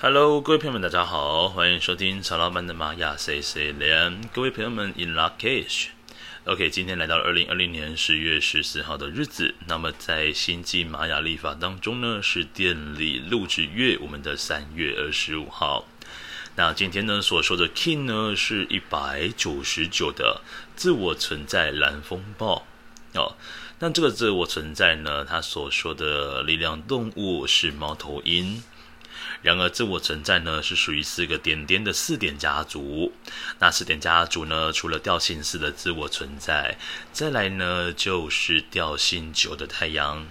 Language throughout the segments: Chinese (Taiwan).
Hello，各位朋友們，大家好，歡迎收聽曹老板的瑪雅 C C 聯。各位朋友們，In lak'ech，OK、okay，今天來到二零二零年十月十四號的日子。那麼在星際瑪雅曆法當中呢，是電力錄制月，我們的三月二十五號。那今天呢，所說的 kin 呢，是一百九十九的自我存在藍風暴哦。那這個自我存在呢，他所說的力量動物是貓頭鷹。然而，自我存在呢，是屬於四個點點的四點家族。那四點家族呢，除了調性四的自我存在，再來呢，就是調性九的太陽。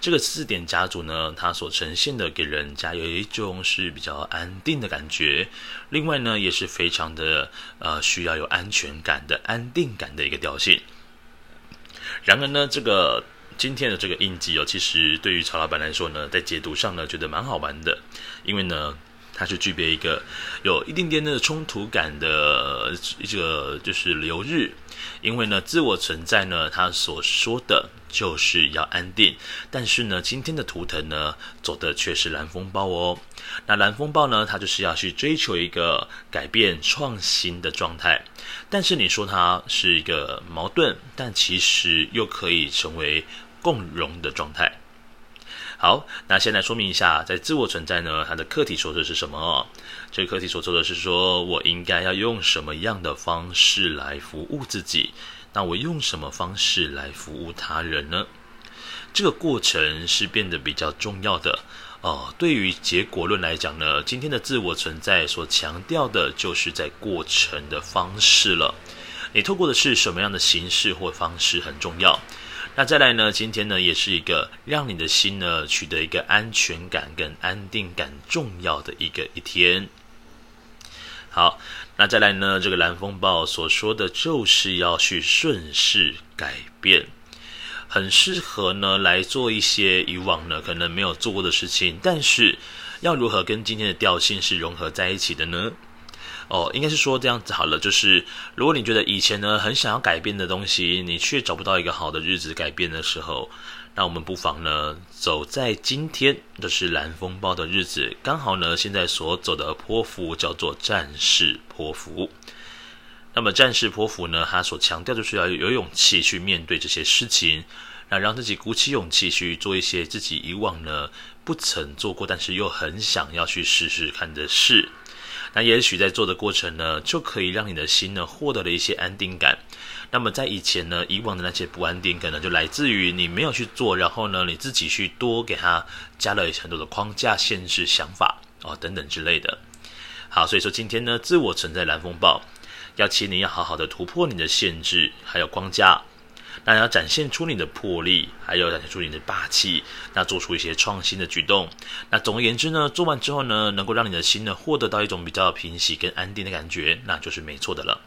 這個四點家族呢，它所呈現的給人家有一種是比較安定的感覺。另外呢，也是非常的呃需要有安全感的、安定感的一個調性。然而呢，這個。今天的這個印記哦，其實對於曹老板來說呢，在解讀上呢，覺得蠻好玩的，因為呢，它是具備一個有一定點的衝突感的一個就是流日，因為呢，自我存在呢，他所說的就是要安定，但是呢，今天的圖騰呢，走的卻是藍風暴哦，那藍風暴呢，它就是要去追求一個改變創新的狀態，但是你說它是一個矛盾，但其實又可以成為。共融的狀態。好，那先來說明一下，在自我存在呢，它的課題所做的是什麼哦？這個課題所做的是說我應該要用什麼樣的方式來服務自己？那我用什麼方式來服務他人呢？這個過程是變得比較重要的哦。對於結果論來講呢，今天的自我存在所強調的就是在過程的方式了。你透過的是什麼樣的形式或方式很重要。那再來呢？今天呢，也是一個讓你的心呢取得一個安全感跟安定感重要的一個一天。好，那再來呢？這個藍風暴所說的，就是要去順勢改變，很適合呢來做一些以往呢可能沒有做過的事情。但是，要如何跟今天的調性是融合在一起的呢？哦，應該是說這樣子好了，就是如果你覺得以前呢很想要改變的東西，你卻找不到一個好的日子改變的時候，那我們不妨呢走在今天，這、就是藍風暴的日子，剛好呢現在所走的波符叫做戰士波符。那麼戰士波符呢，它所強調就是要有勇氣去面對這些事情，那讓自己鼓起勇氣去做一些自己以往呢不曾做過，但是又很想要去試試看的事。那也許在做的過程呢，就可以讓你的心呢獲得了一些安定感。那麼在以前呢，以往的那些不安定感呢，可能就來自於你沒有去做，然後呢，你自己去多給他加了很多的框架、限制、想法哦等等之類的。好，所以說今天呢，自我存在藍風暴，要請你要好好的突破你的限制，還有框架。那要展現出你的魄力，還有展現出你的霸氣，那做出一些創新的舉動。那總而言之呢，做完之後呢，能夠讓你的心呢獲得到一種比較平息跟安定的感覺，那就是沒錯的了。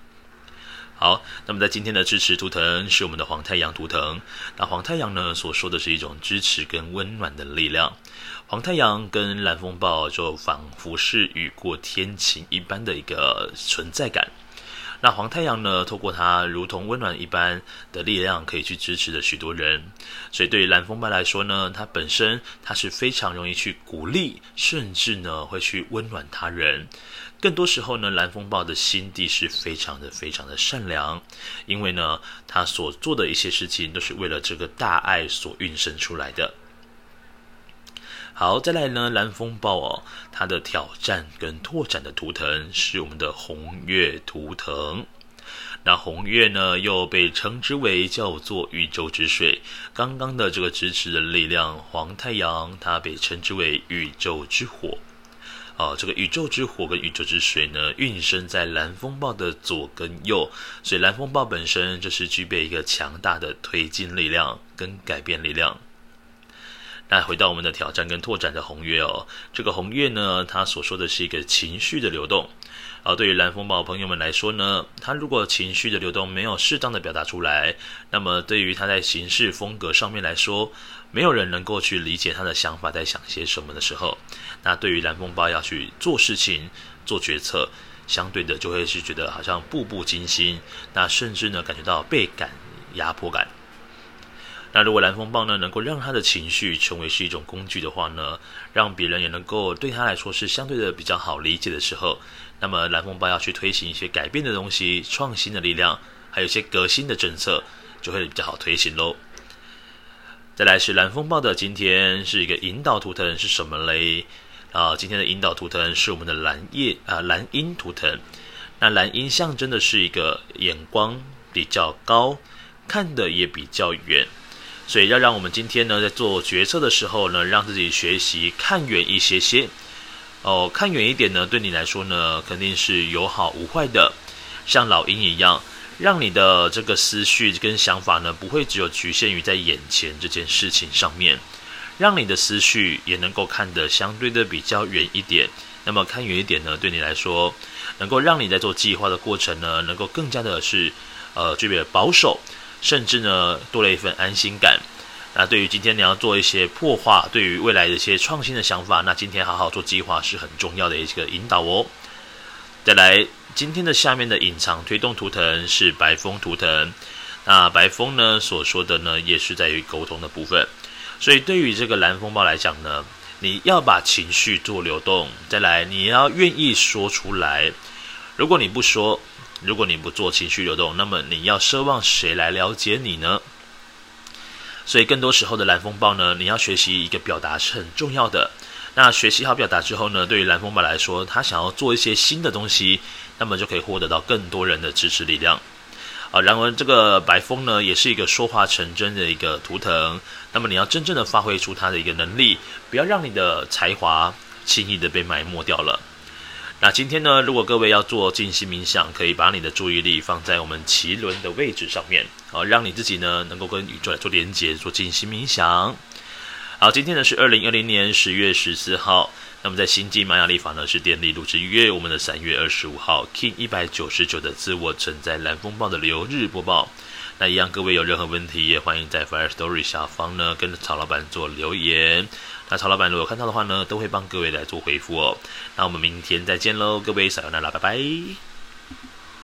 好，那麼在今天的支持圖騰是我們的黃太陽圖騰。那黃太陽呢所說的是一種支持跟溫暖的力量。黃太陽跟藍風暴就仿佛是雨過天晴一般的一個存在感。那黃太陽呢，透過它如同溫暖一般的力量，可以去支持着許多人。所以對於藍風暴來說呢，它本身它是非常容易去鼓勵，甚至呢會去溫暖他人。更多時候呢，藍風暴的心地是非常的非常的善良，因為呢，他所做的一些事情都是為了這個大愛所孕生出來的。好，再來呢，藍風暴哦，它的挑戰跟拓展的圖騰是我們的紅月圖騰。那紅月呢，又被稱之為叫做宇宙之水。剛剛的這個支持的力量，黃太陽，它被稱之為宇宙之火。哦、啊，這個宇宙之火跟宇宙之水呢，孕生在藍風暴的左跟右，所以藍風暴本身就是具備一個強大的推進力量跟改變力量。那回到我們的挑戰跟拓展的紅月哦，這個紅月呢，他所說的是一個情緒的流動，啊，對於藍風暴朋友們來說呢，他如果情緒的流動沒有適當的表達出來，那麼對於他在行事風格上面來說，沒有人能夠去理解他的想法在想些什麼的時候，那對於藍風暴要去做事情、做決策，相對的就會是覺得好像步步驚心，那甚至呢感覺到倍感壓迫感。那如果藍風暴呢，能夠讓他的情緒成為是一種工具的話呢，讓別人也能夠對他來說是相對的比較好理解的時候，那麼藍風暴要去推行一些改變的東西、創新的力量，還有一些革新的政策，就會比較好推行嘍。再來是藍風暴的今天是一個引導圖騰是什麼嘞？啊，今天的引導圖騰是我們的藍夜啊，藍鷹圖騰。那藍鷹象徵的是一個眼光比較高，看得也比較遠。所以要讓我們今天呢，在做決策的時候呢，讓自己學習看遠一些些哦，看遠一點呢，對你來說呢，肯定是有好無壞的。像老鷹一樣，讓你的這個思緒跟想法呢，不會只有局限於在眼前這件事情上面，讓你的思緒也能夠看得相對的比較遠一點。那麼看遠一點呢，對你來說，能夠讓你在做計劃的過程呢，能夠更加的是，呃，具備保守。甚至呢，多了一份安心感。那對於今天你要做一些破壞，對於未來的一些創新的想法，那今天好好做計劃是很重要的一個引導哦。再來，今天的下面的隱藏推動圖騰是白風圖騰。那白風呢，所說的呢，也是在於溝通的部分。所以對於這個藍風暴來講呢，你要把情緒做流動。再來，你要願意說出來。如果你不說，如果你不做情緒流動，那麼你要奢望誰來了解你呢？所以更多時候的藍風暴呢，你要學習一個表達是很重要的。那學習好表達之後呢，對於藍風暴來說，他想要做一些新的東西，那麼就可以獲得到更多人的支持力量。啊，然而這個白風呢，也是一個說話成真的一個圖騰。那麼你要真正的發揮出他的一個能力，不要讓你的才華輕易的被埋沒掉了。那今天呢，如果各位要做靜心冥想，可以把你的注意力放在我們臍輪的位置上面，好，讓你自己呢能夠跟宇宙來做連接，做靜心冥想。好，今天呢是二零二零年十月十四號，那麼在星際瑪雅曆法呢是電力錄制一月，我們的三月二十五號，Kin 一百九十九的自我存在藍風暴的流日播報。那一樣，各位有任何問題也歡迎在 Firstory 下方呢跟著曹老闆做留言。那曹老闆如果看到的話呢，都會幫各位來做回復哦。那我們明天再見嘍，各位撒由那拉，拜拜。